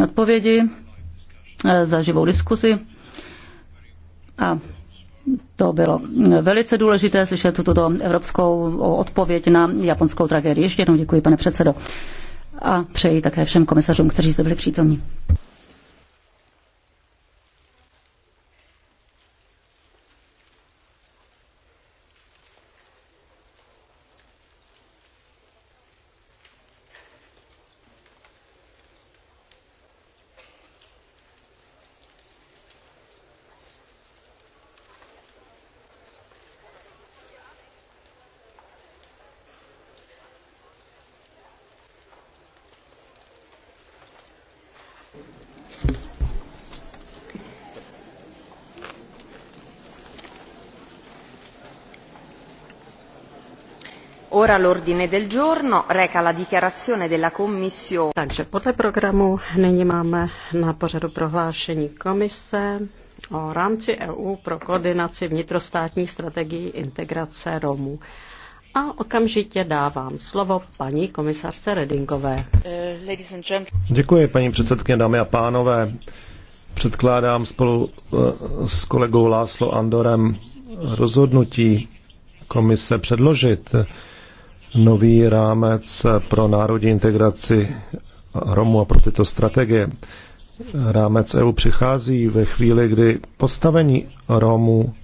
všechny odpovědi, eh, za živou diskuzi. A to bylo hm, velice důležité slyšet tuto evropskou odpověď na japonskou tragédii. Ještě jednou děkuji, pane předsedo. A přeji také všem komisařům, kteří zde byli přítomní. Ora l'ordine del giorno reca la dichiarazione della Commissione. Takže podle programu nyní máme na pořadu prohlášení komise o rámci EU pro koordinaci vnitrostátních strategií integrace Romů. A okamžitě dávám slovo paní komisařce Redingové. Děkuji, paní předsedkyně, dámy a pánové. Předkládám spolu eh, s kolegou Láslo Andorem rozhodnutí komise předložit nový rámec pro národní integraci Romů a pro tyto strategie. Rámec EU přichází ve chvíli, kdy postavení Romů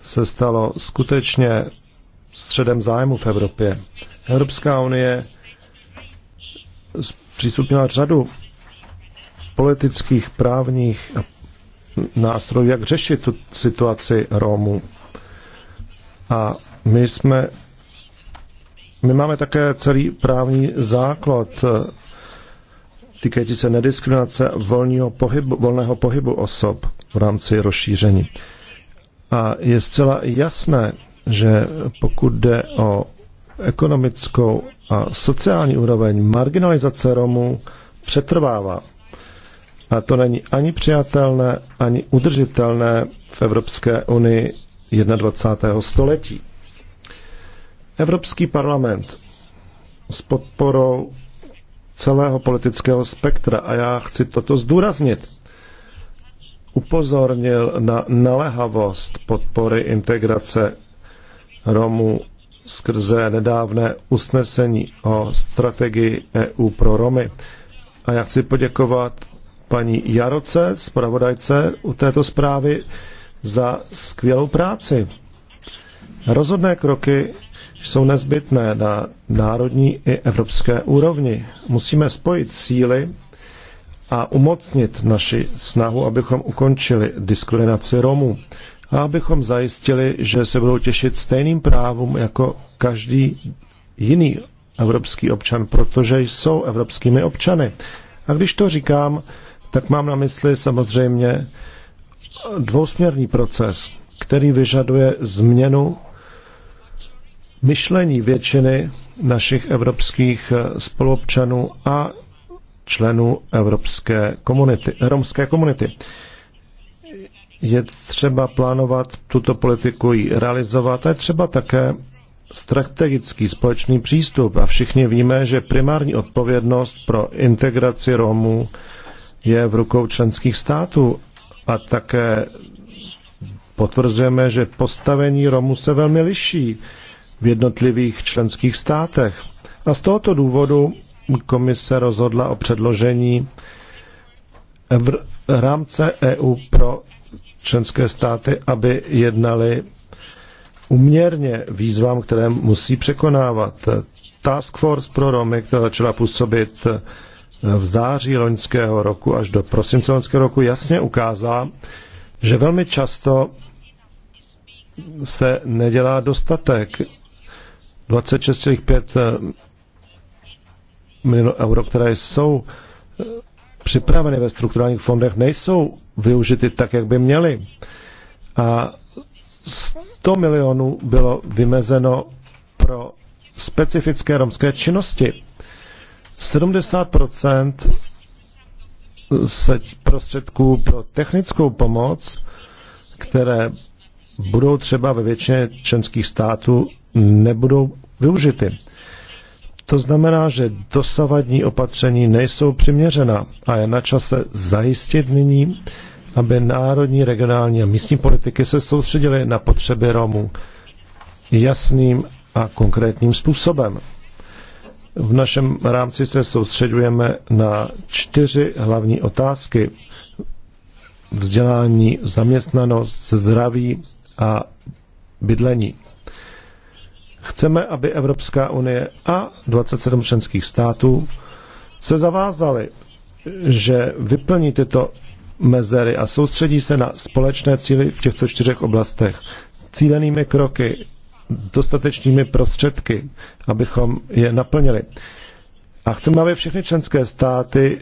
se stalo skutečně středem zájmu v Evropě. Evropská unie přístupnila řadu politických, právních nástrojů, jak řešit tu situaci Romů. A my jsme my máme také celý právní základ eh, týkající se nediskriminace volného pohybu, volného pohybu osob v rámci rozšíření. A je zcela jasné, že pokud jde o ekonomickou a sociální úroveň, marginalizace Romů přetrvává. A to není ani přijatelné, ani udržitelné v Evropské unii 21. století. Evropský parlament s podporou celého politického spektra, a já chci toto zdůraznit, upozornil na nalehavost podpory integrace Romů skrze nedávné usnesení o strategii EU pro Romy. A já chci poděkovat paní Jaroce, zpravodajce u této zprávy, za skvělou práci. Rozhodné kroky jsou nezbytné na národní i evropské úrovni. Musíme spojit síly a umocnit naši snahu, abychom ukončili diskriminaci Romů a abychom zajistili, že se budou těšit stejným právům jako každý jiný evropský občan, protože jsou evropskými občany. A když to říkám, tak mám na mysli samozřejmě dvousměrný proces, který vyžaduje změnu myšlení většiny našich evropských eh, spoluobčanů a členů evropské komunity, romské komunity. Je třeba plánovat tuto politiku, ji realizovat a je třeba také strategický společný přístup. A všichni víme, že primární odpovědnost pro integraci Romů je v rukou členských států a také potvrzujeme, že postavení Romů se velmi liší v jednotlivých členských státech. A z tohoto důvodu komise rozhodla o předložení v rámce EU pro členské státy, aby jednali uměrně výzvám, které musí překonávat. Task Force pro Romy, která začala působit v září loňského roku až do prosince loňského roku, jasně ukázala, že velmi často se nedělá dostatek 26,5 eh, milionů euro, které jsou eh, připraveny ve strukturálních fondech, nejsou využity tak, jak by měly. A 100 milionů bylo vymezeno pro specifické romské činnosti. 70 se prostředků pro technickou pomoc, které budou třeba ve většině členských států nebudou využity. To znamená, že dosavadní opatření nejsou přiměřená a je na čase zajistit nyní, aby národní, regionální a místní politiky se soustředily na potřeby Romů jasným a konkrétním způsobem. V našem rámci se soustředujeme na čtyři hlavní otázky. Vzdělání, zaměstnanost, zdraví, a bydlení. Chceme, aby Evropská unie a 27 členských států se zavázali, že vyplní tyto mezery a soustředí se na společné cíly v těchto čtyřech oblastech. Cílenými kroky, dostatečnými prostředky, abychom je naplnili. A chceme, aby všechny členské státy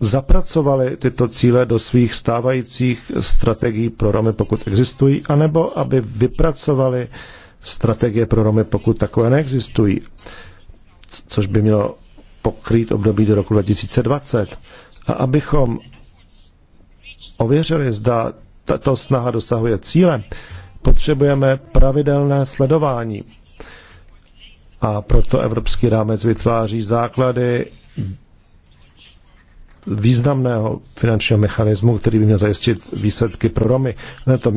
zapracovali tyto cíle do svých stávajících strategií pro Romy, pokud existují, anebo aby vypracovali strategie pro Romy, pokud takové neexistují, což by mělo pokrýt období do roku 2020. A abychom ověřili, zda tato snaha dosahuje cíle, potřebujeme pravidelné sledování. A proto Evropský rámec vytváří základy významného finančního mechanismu, který by měl zajistit výsledky pro Romy. to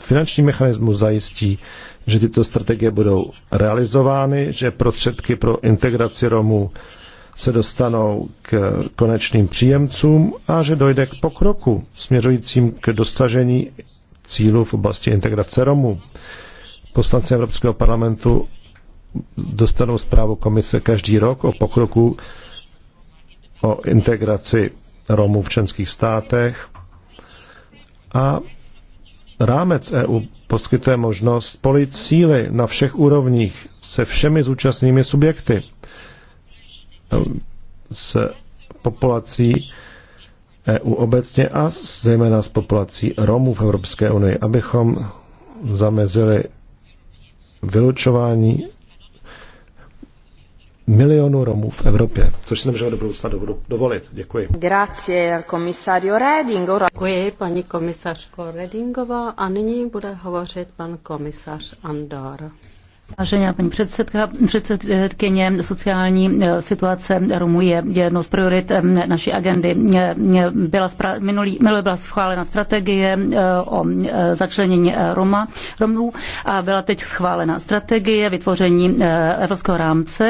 finanční mechanismus zajistí, že tyto strategie budou realizovány, že prostředky pro integraci Romů se dostanou k konečným příjemcům a že dojde k pokroku směřujícím k dosažení cílů v oblasti integrace Romů. Poslanci Evropského parlamentu dostanou zprávu komise každý rok o pokroku o integraci Romů v členských státech a rámec EU poskytuje možnost spolit síly na všech úrovních se všemi zúčastnými subjekty, s populací EU obecně a zejména s populací Romů v Evropské unii, abychom zamezili vylučování milionů Romů v Evropě, což si nemůžeme do budoucna dovolit. Děkuji. Grazie, komisario Redingo. Děkuji, paní komisařko Redingová. A nyní bude hovořit pan komisař Andor. Vážená paní předsedkyně, sociální eh, situace Romů je jednou z priorit eh, naší agendy. Byla spra- minulý, minulý byla schválena strategie eh, o začlenění Roma, Romů a byla teď schválena strategie vytvoření evropského rámce.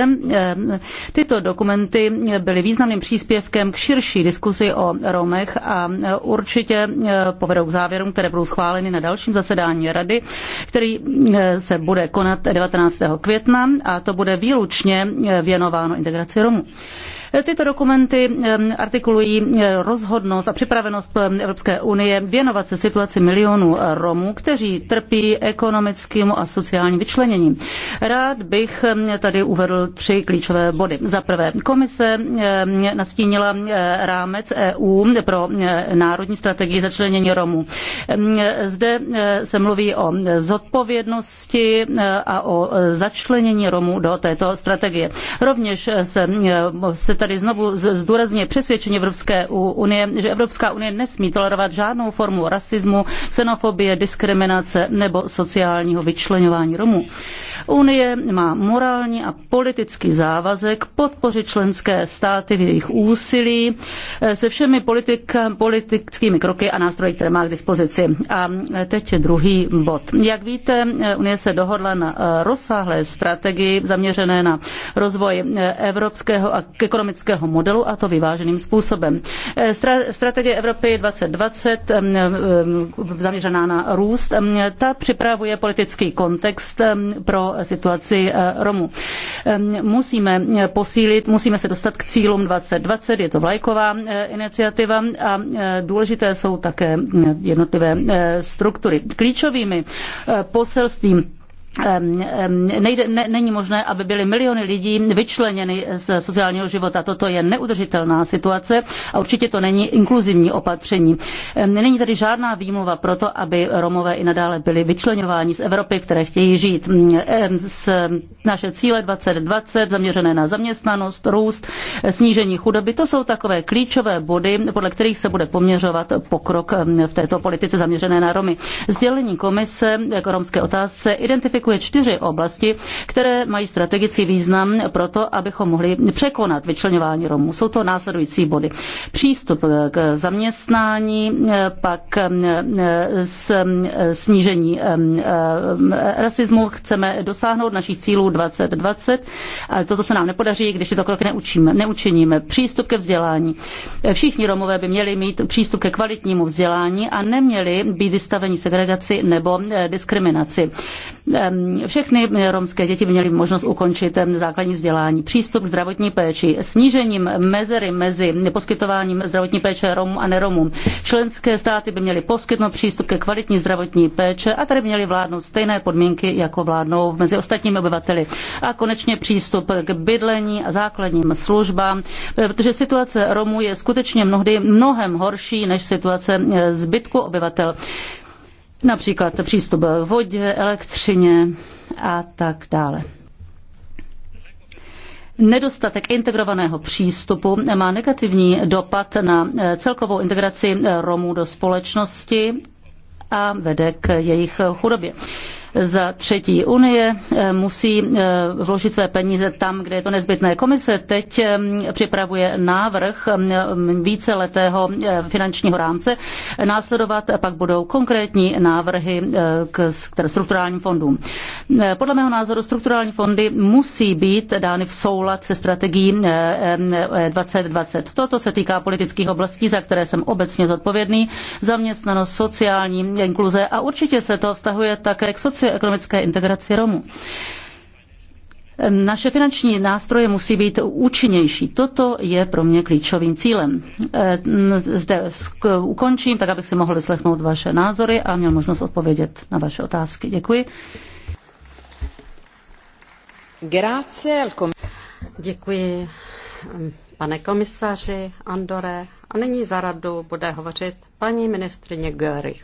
Tyto dokumenty byly významným příspěvkem k širší diskusi o Romech a určitě povedou k závěrům, které budou schváleny na dalším zasedání rady, který se bude konat 19. 19. května a to bude výlučně eh, věnováno integraci Romů. Tyto dokumenty artikulují rozhodnost a připravenost Evropské unie věnovat se situaci milionů Romů, kteří trpí ekonomickým a sociálním vyčleněním. Rád bych tady uvedl tři klíčové body. Za prvé, komise nastínila rámec EU pro národní strategii začlenění Romů. Zde se mluví o zodpovědnosti a o začlenění Romů do této strategie. Rovněž se, se tady znovu zdůrazně přesvědčení Evropské unie, že Evropská unie nesmí tolerovat žádnou formu rasismu, xenofobie, diskriminace nebo sociálního vyčlenování Romů. Unie má morální a politický závazek podpořit členské státy v jejich úsilí eh, se všemi politik, politickými kroky a nástroji, které má k dispozici. A eh, teď je druhý bod. Jak víte, eh, Unie se dohodla na rozsáhlé strategii zaměřené na rozvoj evropského a ekonomického ekonomického modelu a to vyváženým způsobem. Eh, strategie Evropy 2020 eh, eh, zaměřená na růst, ta připravuje politický kontext pro situaci Romů. Musíme posílit, musíme se dostat k cílům 2020, je to vlajková iniciativa a důležité jsou také jednotlivé struktury. Klíčovými poselstvím nejde, ne, není možné, aby byly miliony lidí vyčleněny z sociálního života. Toto je neudržitelná situace a určitě to není inkluzivní opatření. Není tady žádná výmluva pro to, aby Romové i nadále byli vyčleňováni z Evropy, které chtějí žít. Z naše cíle 2020 zaměřené na zaměstnanost, růst, snížení chudoby, to jsou takové klíčové body, podle kterých se bude poměřovat pokrok v této politice zaměřené na Romy. Sdělení komise k romské otázce identifikuje identifikuje čtyři oblasti, které mají strategický význam pro to, abychom mohli překonat vyčlenování Romů. Jsou to následující body. Přístup eh, k zaměstnání, eh, pak eh, snížení rasismu chceme dosáhnout našich cílů 2020, ale toto se nám nepodaří, když tyto kroky neučíme, neučiníme. Přístup ke vzdělání. Všichni Romové by měli mít přístup ke kvalitnímu vzdělání a neměli být vystaveni segregaci nebo diskriminaci všechny romské děti měly možnost ukončit základní vzdělání, přístup k zdravotní péči, snížením mezery mezi poskytováním zdravotní péče romů a neromům. Členské státy by měly poskytnout přístup ke kvalitní zdravotní péče a tady měly vládnout stejné podmínky, jako vládnou mezi ostatními obyvateli. A konečně přístup k bydlení a základním službám, e, protože situace Romů je skutečně mnohdy mnohem horší než situace e, zbytku obyvatel například přístup k vodě, elektřině a tak dále. Nedostatek integrovaného přístupu má negativní dopad na eh, celkovou integraci Romů do společnosti a vede k jejich chudobě. Za třetí, Unie eh, musí eh, vložit své peníze tam, kde je to nezbytné. Komise teď eh, připravuje návrh víceletého finančního rámce. Následovat pak budou konkrétní návrhy k strukturálním fondům. Podle mého názoru strukturální fondy musí být dány v soulad se strategií 2020. Toto se týká politických oblastí, za které jsem obecně zodpovědný, zaměstnanost, sociální inkluze a určitě se to vztahuje také k sociální socioekonomické integraci Romů. Naše finanční nástroje musí být účinnější. Toto je pro mě klíčovým cílem. Zde ukončím, tak abych si mohl vyslechnout vaše názory a měl možnost odpovědět na vaše otázky. Děkuji. Děkuji, pane komisaři Andore. A nyní za radu bude hovořit paní ministrině Göring.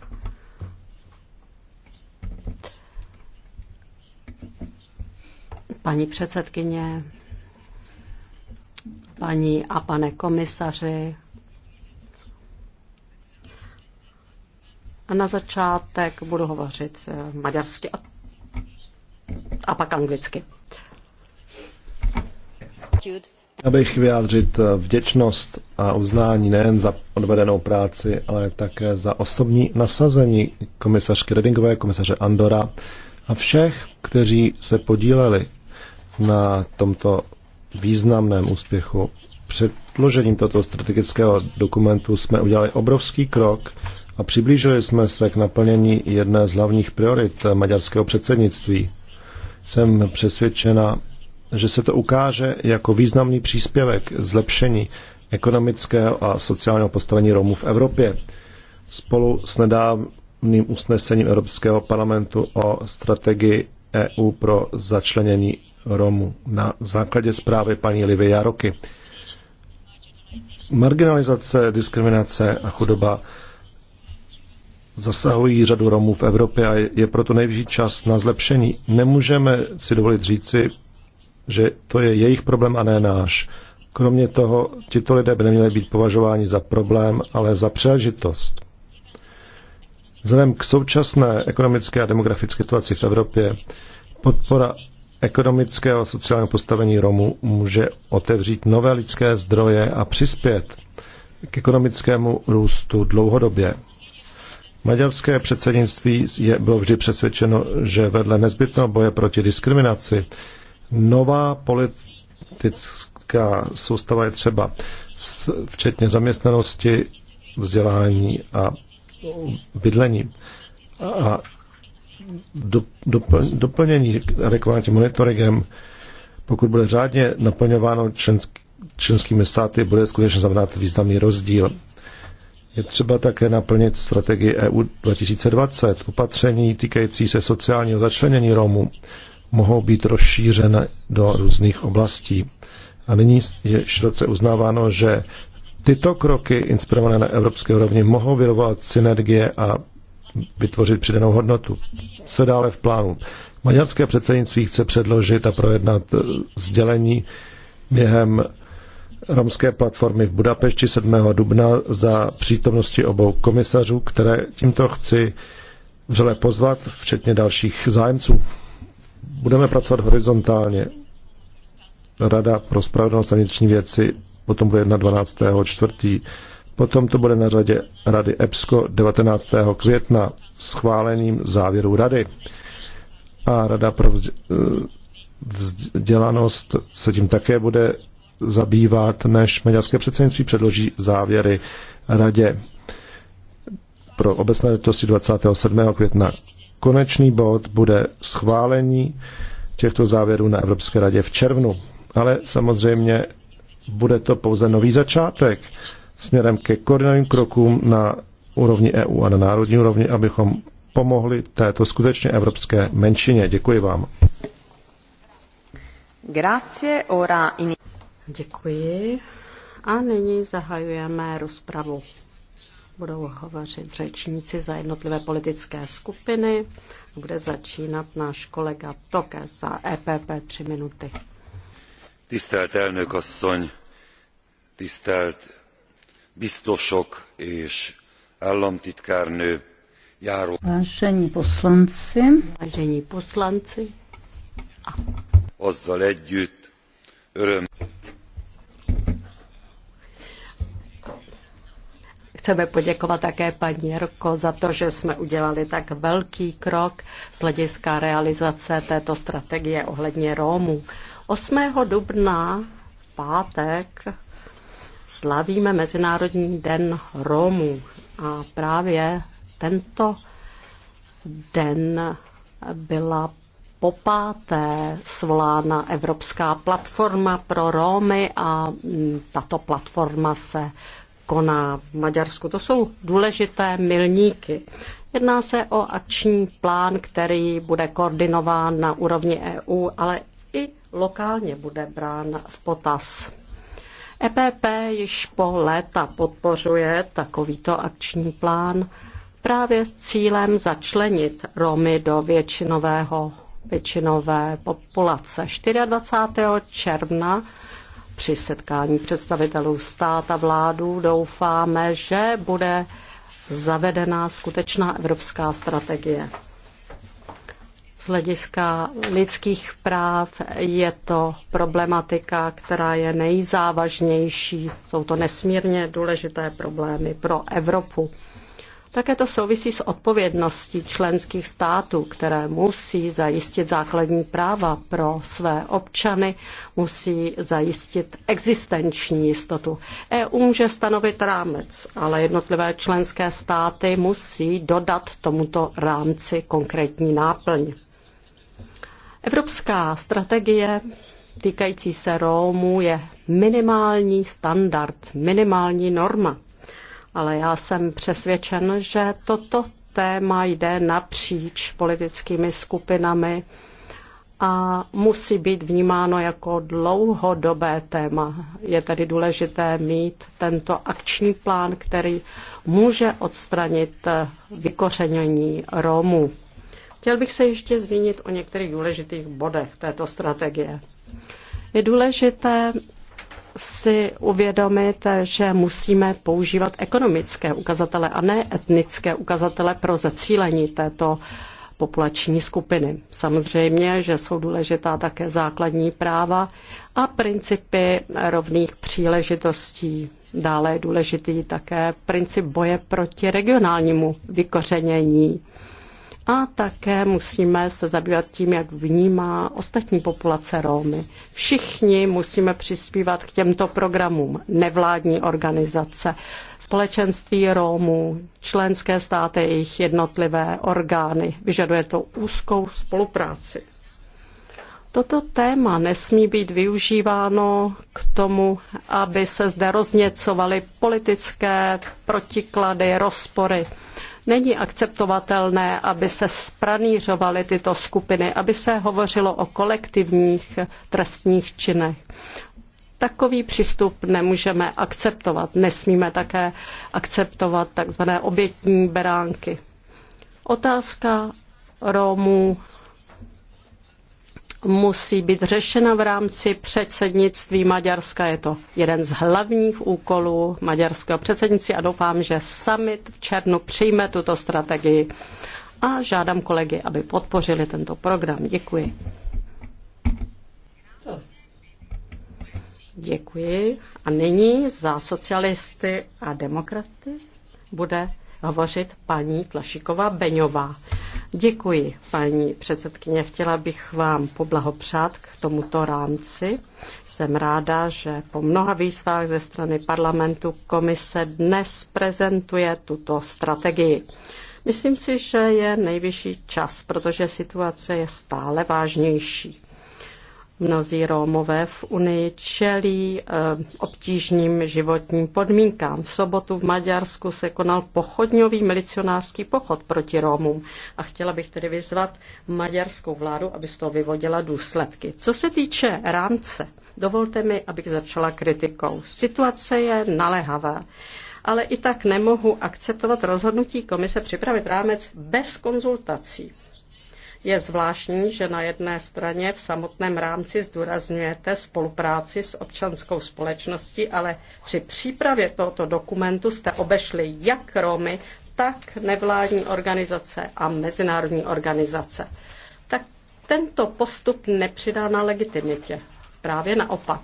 paní předsedkyně, paní a pane komisaři. A na začátek budu hovořit eh, maďarsky a, a pak anglicky. Já bych vyjádřit eh, vděčnost a uznání nejen za odvedenou práci, ale také za osobní nasazení komisařky Redingové, komisaře Andora a všech, kteří se podíleli na tomto významném úspěchu. Předložením tohoto strategického dokumentu jsme udělali obrovský krok a přiblížili jsme se k naplnění jedné z hlavních priorit maďarského předsednictví. Jsem přesvědčena, že se to ukáže jako významný příspěvek zlepšení ekonomického a sociálního postavení Romů v Evropě. Spolu s nedávným usnesením Evropského parlamentu o strategii EU pro začlenění Romů na základě zprávy paní Livy Jaroky. Marginalizace, diskriminace a chudoba zasahují řadu Romů v Evropě a je proto nejvyšší čas na zlepšení. Nemůžeme si dovolit říci, že to je jejich problém a ne náš. Kromě toho, tito lidé by neměli být považováni za problém, ale za příležitost. Vzhledem k současné ekonomické a demografické situaci v Evropě, podpora Ekonomické a sociální postavení Romů může otevřít nové lidské zdroje a přispět k ekonomickému růstu dlouhodobě. Maďarské předsednictví je, bylo vždy přesvědčeno, že vedle nezbytného boje proti diskriminaci nová politická soustava je třeba, včetně zaměstnanosti, vzdělání a bydlení. A doplnění adekvátním monitoringem, pokud bude řádně naplňováno členský, členskými státy, bude skutečně znamenat významný rozdíl. Je třeba také naplnit strategii EU 2020. Opatření týkající se sociálního začlenění Romů mohou být rozšířeny do různých oblastí. A nyní je široce uznáváno, že tyto kroky inspirované na evropské úrovni mohou vyrovat synergie a vytvořit přidanou hodnotu. Co dále v plánu? Maďarské předsednictví chce předložit a projednat eh, sdělení během romské platformy v Budapešti 7. dubna za přítomnosti obou komisařů, které tímto chci vřele pozvat, včetně dalších zájemců. Budeme pracovat horizontálně. Rada pro spravedlnost a vnitřní věci potom bude 12. čtvrtý Potom to bude na řadě Rady EPSCO 19. května schválením závěru Rady. A Rada pro eh, vzdělanost se tím také bude zabývat, než maďarské předsednictví předloží závěry Radě pro obecné letosti 27. května. Konečný bod bude schválení těchto závěrů na Evropské radě v červnu. Ale samozřejmě bude to pouze nový začátek směrem ke koordinovým krokům na úrovni EU a na národní úrovni, abychom pomohli této skutečně evropské menšině. Děkuji vám. Grazie, ora in... Děkuji. A nyní zahajujeme rozpravu. Budou hovořit řečníci za jednotlivé politické skupiny. Bude začínat náš kolega Toke za EPP 3 minuty. Tisztelt elnök asszony, tisztelt biztosok és államtitkárnő járó. Vážení poslanci, vážení poslanci, azzal együtt öröm. Chceme poděkovat také paní Jarko za to, že jsme udělali tak velký krok z hlediska realizace této strategie ohledně Rómů. 8. dubna v pátek slavíme Mezinárodní den Romů a právě tento den byla popáté svolána Evropská platforma pro Rómy a mm, tato platforma se koná v Maďarsku. To jsou důležité milníky. Jedná se o akční plán, který bude koordinován na úrovni EU, ale i lokálně bude brán v potaz. EPP již po léta podpořuje takovýto akční plán právě s cílem začlenit Romy do většinového, většinové populace. 24. června při setkání představitelů stát a vládu doufáme, že bude zavedená skutečná evropská strategie. Z hlediska lidských práv je to problematika, která je nejzávažnější. Jsou to nesmírně důležité problémy pro Evropu. Také to souvisí s odpovědností členských států, které musí zajistit základní práva pro své občany, musí zajistit existenční jistotu. EU může stanovit rámec, ale jednotlivé členské státy musí dodat tomuto rámci konkrétní náplň. Evropská strategie týkající se Rómů je minimální standard, minimální norma. Ale já jsem přesvědčen, že toto téma jde napříč politickými skupinami a musí být vnímáno jako dlouhodobé téma. Je tedy důležité mít tento akční plán, který může odstranit vykořenění Romů. Chtěl bych se ještě zmínit o některých důležitých bodech této strategie. Je důležité si uvědomit, že musíme používat ekonomické ukazatele a ne etnické ukazatele pro zacílení této populační skupiny. Samozřejmě, že jsou důležitá také základní práva a principy rovných příležitostí. Dále je důležitý také princip boje proti regionálnímu vykořenění. A také musíme se zabývat tím, jak vnímá ostatní populace Rómy. Všichni musíme přispívat k těmto programům. Nevládní organizace, společenství Rómů, členské státy, jejich jednotlivé orgány. Vyžaduje to úzkou spolupráci. Toto téma nesmí být využíváno k tomu, aby se zde rozněcovaly politické protiklady, rozpory. Není akceptovatelné, aby se spranířovaly tyto skupiny, aby se hovořilo o kolektivních trestních činech. Takový přístup nemůžeme akceptovat. Nesmíme také akceptovat takzvané obětní beránky. Otázka Romů musí být řešena v rámci předsednictví Maďarska. Je to jeden z hlavních úkolů maďarského předsednictví a doufám, že summit v černu přijme tuto strategii. A žádám kolegy, aby podpořili tento program. Děkuji. Děkuji. A nyní za socialisty a demokraty bude hovořit paní Flašiková Beňová. Děkuji, paní předsedkyně. Chtěla bych vám poblahopřát k tomuto rámci. Jsem ráda, že po mnoha výzvách ze strany parlamentu komise dnes prezentuje tuto strategii. Myslím si, že je nejvyšší čas, protože situace je stále vážnější. Mnozí Rómové v Unii čelí eh, obtížným životním podmínkám. V sobotu v Maďarsku se konal pochodňový milicionářský pochod proti Rómům a chtěla bych tedy vyzvat maďarskou vládu, aby z toho vyvodila důsledky. Co se týče rámce, dovolte mi, abych začala kritikou. Situace je naléhavá ale i tak nemohu akceptovat rozhodnutí komise připravit rámec bez konzultací. Je zvláštní, že na jedné straně v samotném rámci zdůrazňujete spolupráci s občanskou společností, ale při přípravě tohoto dokumentu jste obešli jak Romy, tak nevládní organizace a mezinárodní organizace. Tak tento postup nepřidá na legitimitě. Právě naopak.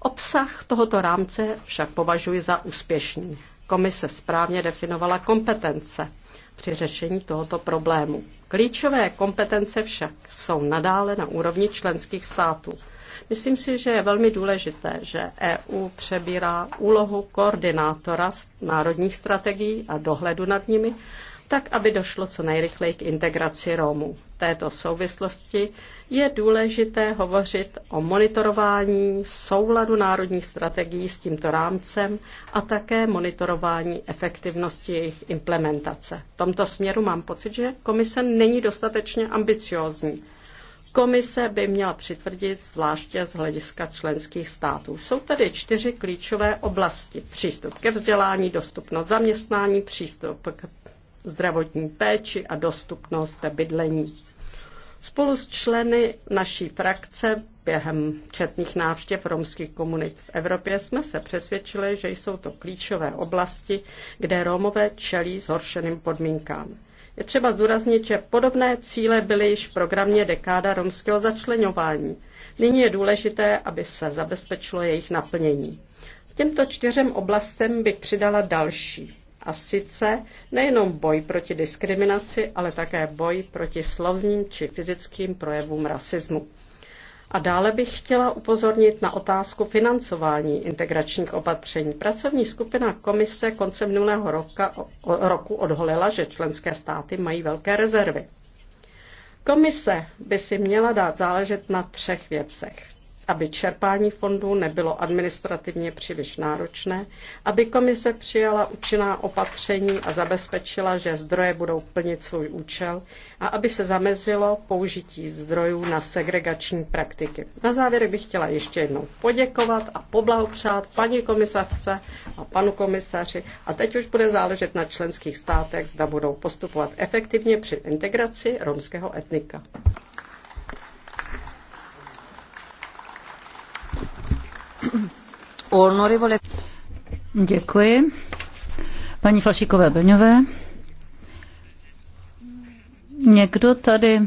Obsah tohoto rámce však považuji za úspěšný. Komise správně definovala kompetence při řešení tohoto problému. Klíčové kompetence však jsou nadále na úrovni členských států. Myslím si, že je velmi důležité, že EU přebírá úlohu koordinátora národních strategií a dohledu nad nimi, tak aby došlo co nejrychleji k integraci Romů této souvislosti je důležité hovořit o monitorování souladu národních strategií s tímto rámcem a také monitorování efektivnosti jejich implementace. V tomto směru mám pocit, že komise není dostatečně ambiciózní. Komise by měla přitvrdit zvláště z hlediska členských států. Jsou tady čtyři klíčové oblasti. Přístup ke vzdělání, dostupnost zaměstnání, přístup k zdravotní péči a dostupnost bydlení. Spolu s členy naší frakce během četných návštěv romských komunit v Evropě jsme se přesvědčili, že jsou to klíčové oblasti, kde Romové čelí zhoršeným podmínkám. Je třeba zdůraznit, že podobné cíle byly již v programě dekáda romského začlenování. Nyní je důležité, aby se zabezpečilo jejich naplnění. Těmto čtyřem oblastem bych přidala další. A sice nejenom boj proti diskriminaci, ale také boj proti slovním či fyzickým projevům rasismu. A dále bych chtěla upozornit na otázku financování integračních opatření. Pracovní skupina komise koncem minulého roka, roku odholila, že členské státy mají velké rezervy. Komise by si měla dát záležet na třech věcech aby čerpání fondů nebylo administrativně příliš náročné, aby komise přijala účinná opatření a zabezpečila, že zdroje budou plnit svůj účel a aby se zamezilo použití zdrojů na segregační praktiky. Na závěr bych chtěla ještě jednou poděkovat a poblahopřát paní komisařce a panu komisaři a teď už bude záležet na členských státech, zda budou postupovat efektivně při integraci romského etnika. Děkuji. Paní Flašíkové Beňové. Někdo tady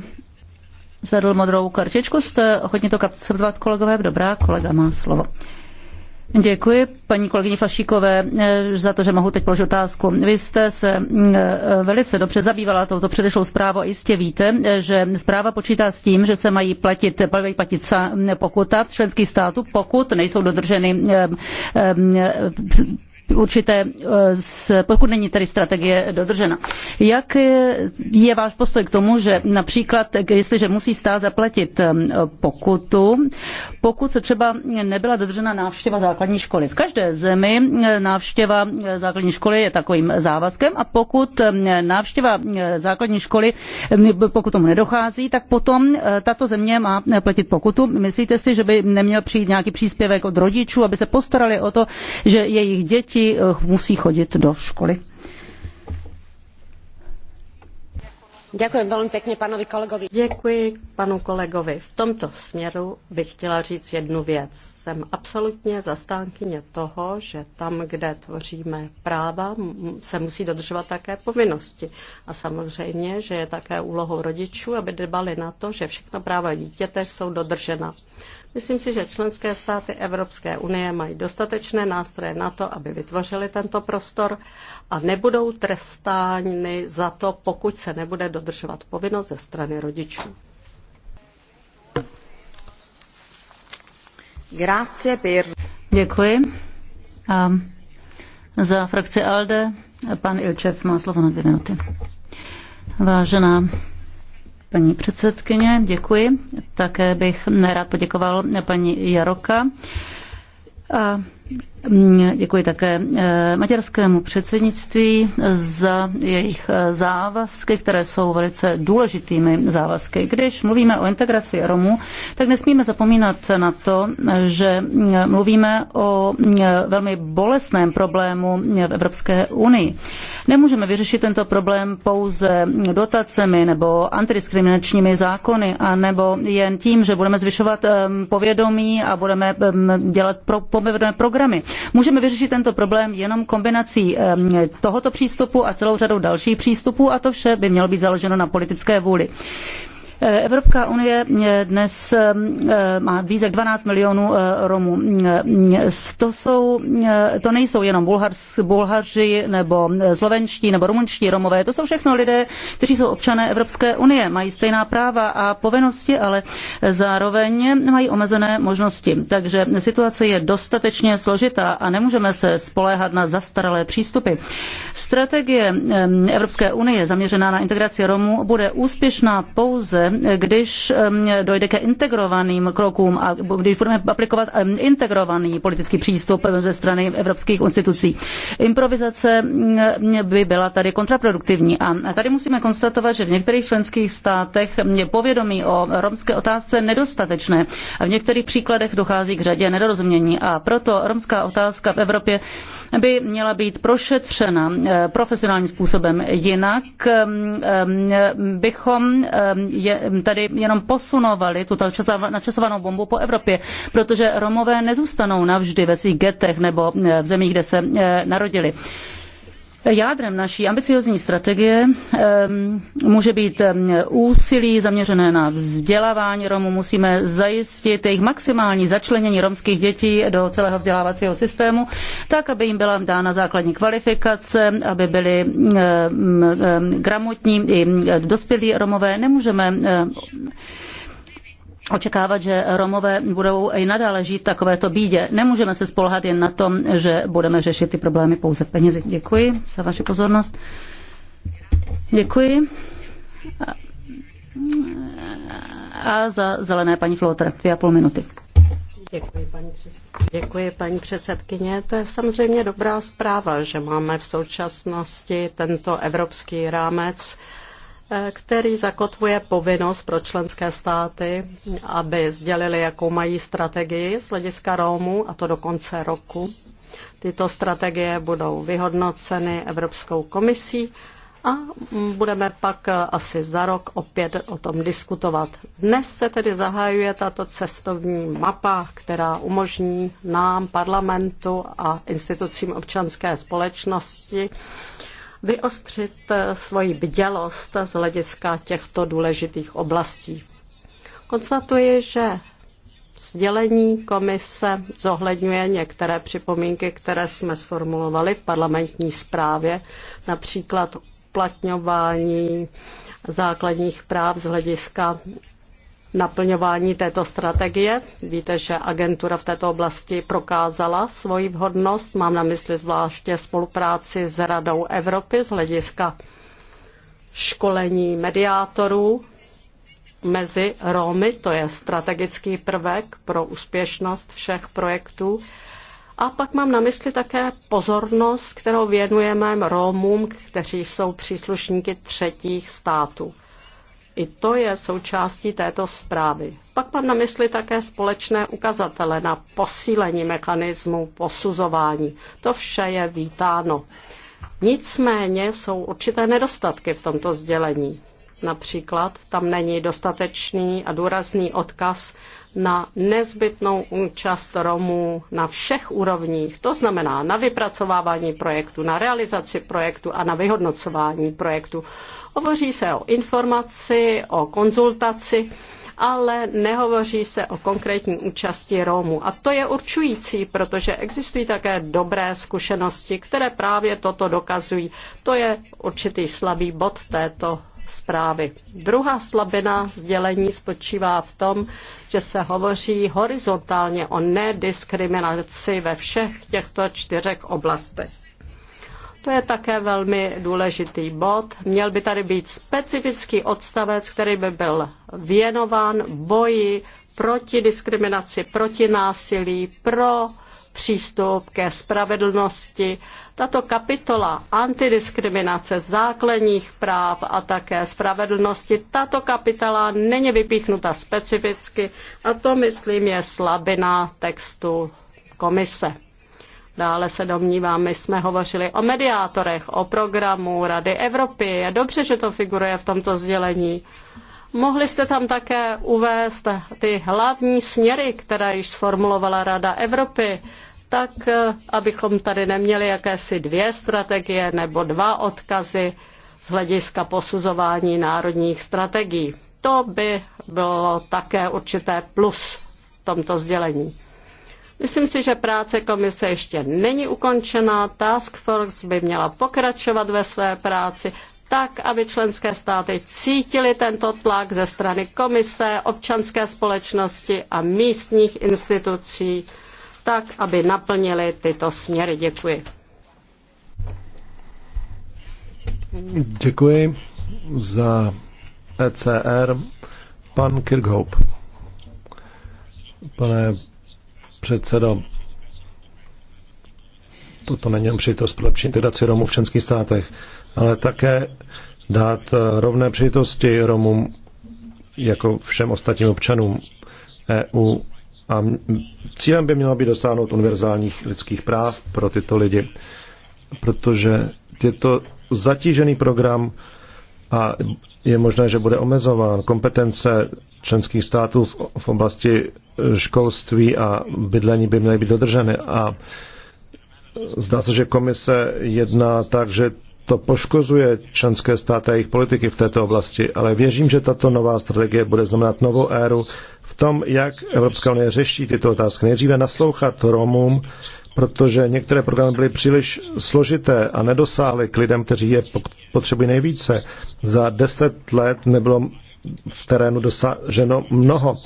zadl modrou kartičku, jste hodně to kapcovat kolegové, dobrá, kolega má slovo. Děkuji paní kolegyni Flašíkové eh, za to, že mohu teď položit otázku. Vy jste se eh, velice dobře zabývala touto předešlou zprávou a jistě víte, eh, že zpráva počítá s tím, že se mají platit, mají platit pokuta členských států, pokud nejsou dodrženy určité, eh, pokud není tedy strategie dodržena. Jak je váš postoj k tomu, že například, jestliže musí stát zaplatit ehm, pokutu, pokud se třeba nebyla dodržena návštěva základní školy. V každé zemi eh, návštěva eh, základní školy je takovým závazkem a pokud ehm, návštěva základní školy, ehm, pokud tomu nedochází, tak potom tato země má platit pokutu. Myslíte si, že by neměl přijít nějaký příspěvek od rodičů, aby se postarali o to, že jejich děti děti eh, musí chodit do školy. Děkuji velmi pěkně panovi kolegovi. Děkuji panu kolegovi. V tomto směru bych chtěla říct jednu věc. Jsem absolutně zastánkyně toho, že tam, kde tvoříme práva, se musí dodržovat také povinnosti. A samozřejmě, že je také úlohou rodičů, aby dbali na to, že všechna práva dítěte jsou dodržena. Myslím si, že členské státy Evropské unie mají dostatečné nástroje na to, aby vytvořili tento prostor a nebudou trestáni za to, pokud se nebude dodržovat povinnost ze strany rodičů. Děkuji. A za frakci ALDE pan Ilčev má slovo na dvě minuty. Vážená Paní předsedkyně, děkuji. Také bych rád poděkoval paní Jaroka. A Děkuji také eh, maďarskému předsednictví za jejich eh, závazky, které jsou velice důležitými závazky. Když mluvíme o integraci Romů, tak nesmíme zapomínat na to, že eh, mluvíme o velmi bolestném problému v Evropské unii. Nemůžeme vyřešit tento problém pouze dotacemi nebo antidiskriminačními zákony, a nebo jen tím, že budeme zvyšovat povědomí a budeme dělat pro, budeme programy. Můžeme vyřešit tento problém jenom kombinací tohoto přístupu a celou řadou dalších přístupů a to vše by mělo být založeno na politické vůli. Evropská unie eh, dnes eh, má více jak 12 milionů eh, Romů. To, jsou, to nejsou jenom Bulhars, Bulhaři nebo slovenští nebo rumunští Romové, to jsou všechno lidé, kteří jsou občané Evropské unie, mají stejná práva a povinnosti, ale zároveň mají omezené možnosti. Takže situace je dostatečně složitá a nemůžeme se spoléhat na zastaralé přístupy. Strategie Evropské unie zaměřená na integraci Romů bude úspěšná pouze když dojde ke integrovaným krokům a když budeme aplikovat integrovaný politický přístup ze strany evropských institucí. Improvizace by byla tady kontraproduktivní. A tady musíme konstatovat, že v některých členských státech je povědomí o romské otázce nedostatečné a v některých příkladech dochází k řadě nedorozumění. A proto romská otázka v Evropě by měla být prošetřena eh, profesionálním způsobem. Jinak bychom je Eh, tady jenom posunovali tuto načasovanou bombu po Evropě, protože Romové nezůstanou navždy ve svých getech nebo eh, v zemích, kde se eh, narodili. Jádrem naší ambiciozní strategie může být úsilí zaměřené na vzdělávání Romů. Musíme zajistit jejich maximální začlenění romských dětí do celého vzdělávacího systému, tak, aby jim byla dána základní kvalifikace, aby byli gramotní i dospělí Romové. Nemůžeme očekávat, že Romové budou i nadále žít takovéto bídě. Nemůžeme se spolhat jen na tom, že budeme řešit ty problémy pouze penězi. Děkuji za vaši pozornost. Děkuji. A za zelené paní Flotter, dvě a půl minuty. Děkuji paní, Děkuji, paní předsedkyně. To je samozřejmě dobrá zpráva, že máme v současnosti tento evropský rámec který zakotvuje povinnost pro členské státy, aby sdělili, jakou mají strategii z hlediska Rómu, a to do konce roku. Tyto strategie budou vyhodnoceny Evropskou komisí a budeme pak asi za rok opět o tom diskutovat. Dnes se tedy zahajuje tato cestovní mapa, která umožní nám, parlamentu a institucím občanské společnosti vyostřit eh, svoji bdělost z hlediska těchto důležitých oblastí. Konstatuji, že sdělení komise zohledňuje některé připomínky, které jsme sformulovali v parlamentní zprávě, například uplatňování základních práv z hlediska naplňování této strategie. Víte, že agentura v této oblasti prokázala svoji vhodnost. Mám na mysli zvláště spolupráci s Radou Evropy z hlediska školení mediátorů mezi Romy, to je strategický prvek pro úspěšnost všech projektů. A pak mám na mysli také pozornost, kterou věnujeme Romům, kteří jsou příslušníky třetích států. I to je součástí této zprávy. Pak mám na mysli také společné ukazatele na posílení mechanismu posuzování. To vše je vítáno. Nicméně jsou určité nedostatky v tomto sdělení. Například tam není dostatečný a důrazný odkaz na nezbytnou účast Romů na všech úrovních, to znamená na vypracovávání projektu, na realizaci projektu a na vyhodnocování projektu. Hovoří se o informaci, o konzultaci, ale nehovoří se o konkrétní účasti Rómů. A to je určující, protože existují také dobré zkušenosti, které právě toto dokazují. To je určitý slabý bod této zprávy. Druhá slabina sdělení spočívá v tom, že se hovoří horizontálně o nediskriminaci ve všech těchto čtyřech oblastech. To je také velmi důležitý bod. Měl by tady být specifický odstavec, který by byl věnován boji proti diskriminaci, proti násilí, pro přístup ke spravedlnosti. Tato kapitola antidiskriminace základních práv a také spravedlnosti, tato kapitola není vypíchnuta specificky a to, myslím, je slabina textu komise. Dále se domnívám, my jsme hovořili o mediátorech, o programu Rady Evropy. Je dobře, že to figuruje v tomto sdělení. Mohli jste tam také uvést ty hlavní směry, které již sformulovala Rada Evropy, tak eh, abychom tady neměli jakési dvě strategie nebo dva odkazy z hlediska posuzování národních strategií. To by bylo také určité plus v tomto sdělení. Myslím si, že práce komise ještě není ukončená. Task Force by měla pokračovat ve své práci tak, aby členské státy cítily tento tlak ze strany komise, občanské společnosti a místních institucí, tak, aby naplnili tyto směry. Děkuji. Děkuji za ECR. Pan Kirkhope. Pane předsedo. Toto není jen pro lepší integraci Romů v členských státech, ale také dát eh, rovné přijitosti Romům jako všem ostatním občanům EU. A cílem by mělo být dosáhnout univerzálních lidských práv pro tyto lidi, protože je to zatížený program a je možné, že bude omezován. Kompetence členských států v, v oblasti školství a bydlení by měly být dodrženy a zdá se, že komise jedná tak, že to poškozuje členské státy a jejich politiky v této oblasti, ale věřím, že tato nová strategie bude znamenat novou éru v tom, jak Evropská unie řeší tyto otázky. Nejdříve naslouchat Romům, protože některé programy byly příliš složité a nedosáhly k lidem, kteří je potřebují nejvíce. Za deset let nebylo v terénu dosaženo mnoho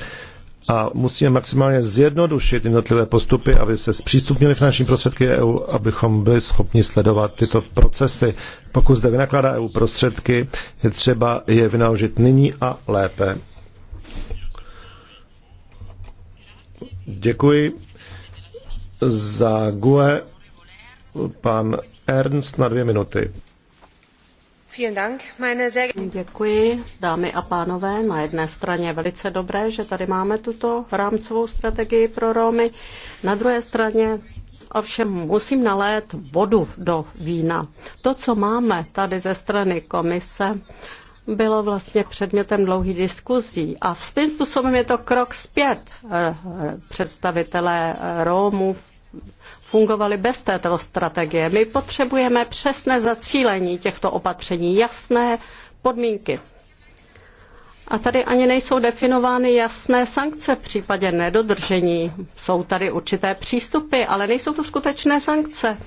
a musíme maximálně zjednodušit jednotlivé postupy, aby se zpřístupnily finanční prostředky EU, abychom byli schopni sledovat tyto procesy. Pokud zde vynakládá EU prostředky, je třeba je vynaložit nyní a lépe. Děkuji za GUE pan Ernst na dvě minuty. Děkuji, dámy a pánové. Na jedné straně je velice dobré, že tady máme tuto rámcovou strategii pro Romy. Na druhé straně ovšem musím nalét vodu do vína. To, co máme tady ze strany komise, bylo vlastně předmětem dlouhých diskuzí a v svým způsobem je to krok zpět. Eh, eh, představitelé Rómů v fungovaly bez této strategie. My potřebujeme přesné zacílení těchto opatření, jasné podmínky. A tady ani nejsou definovány jasné sankce v případě nedodržení. Jsou tady určité přístupy, ale nejsou to skutečné sankce.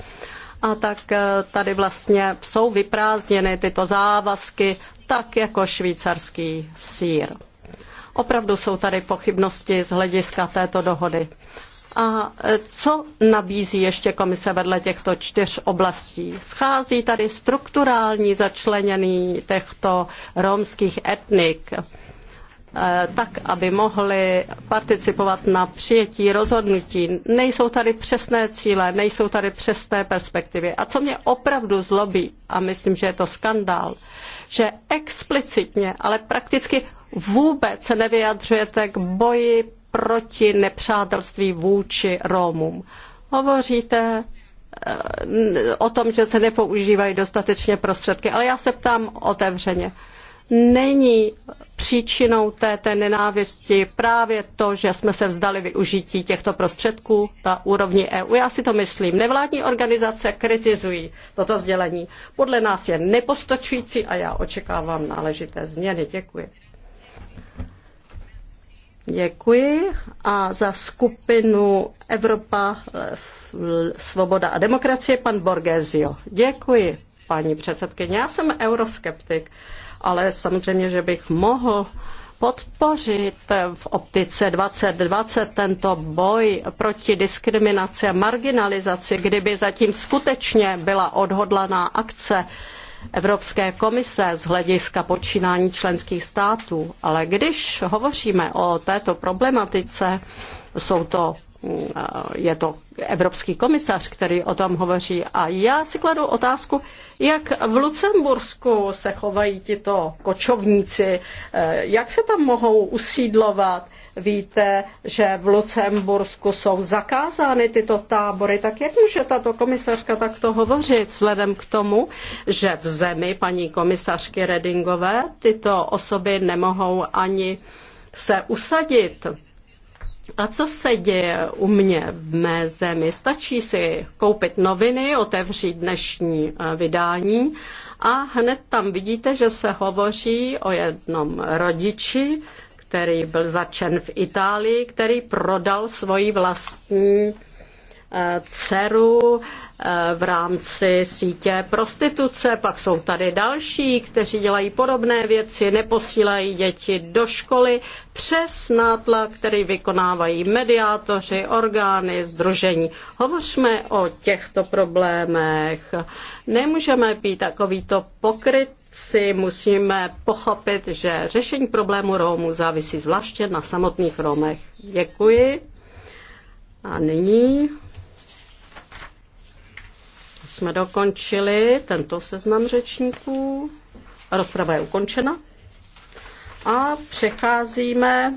A tak eh, tady vlastně jsou vyprázdněny tyto závazky, tak jako švýcarský sír. Opravdu jsou tady pochybnosti z hlediska této dohody. A e, co nabízí ještě komise vedle těchto čtyř oblastí? Schází tady strukturální začlenění těchto romských etnik e, tak, aby mohli participovat na přijetí rozhodnutí. Nejsou tady přesné cíle, nejsou tady přesné perspektivy. A co mě opravdu zlobí, a myslím, že je to skandál, že explicitně, ale prakticky vůbec se nevyjadřujete k boji proti nepřátelství vůči Rómům. Hovoříte eh, o tom, že se nepoužívají dostatečně prostředky, ale já se ptám otevřeně. Není příčinou té, té nenávisti právě to, že jsme se vzdali využití těchto prostředků na úrovni EU? Já si to myslím. Nevládní organizace kritizují toto sdělení. Podle nás je nepostačující a já očekávám náležité změny. Děkuji. Děkuji. A za skupinu Evropa, svoboda a demokracie pan Borgesio. Děkuji, paní předsedkyně. Já jsem euroskeptik, ale samozřejmě, že bych mohl podpořit v optice 2020 tento boj proti diskriminaci a marginalizaci, kdyby zatím skutečně byla odhodlaná akce Evropské komise z hlediska počínání členských států. Ale když hovoříme o této problematice, jsou to mm, je to evropský komisař, který o tom hovoří. A já si kladu otázku, jak v Lucembursku se chovají tito kočovníci, eh, jak se tam mohou usídlovat, Víte, že v Lucembursku jsou zakázány tyto tábory, tak jak může tato komisařka takto hovořit vzhledem k tomu, že v zemi paní komisařky Redingové tyto osoby nemohou ani se usadit. A co se děje u mě v mé zemi? Stačí si koupit noviny, otevřít dnešní eh, vydání a hned tam vidíte, že se hovoří o jednom rodiči, který byl začen v Itálii, který prodal svoji vlastní eh, dceru eh, v rámci sítě prostituce. Pak jsou tady další, kteří dělají podobné věci, neposílají děti do školy přes nátlak, který vykonávají mediátoři, orgány, združení. Hovořme o těchto problémech. Nemůžeme být takovýto pokryt si musíme pochopit, že řešení problému Rómů závisí zvláště na samotných Rómech. Děkuji. A nyní jsme dokončili tento seznam řečníků. Rozprava je ukončena. A přecházíme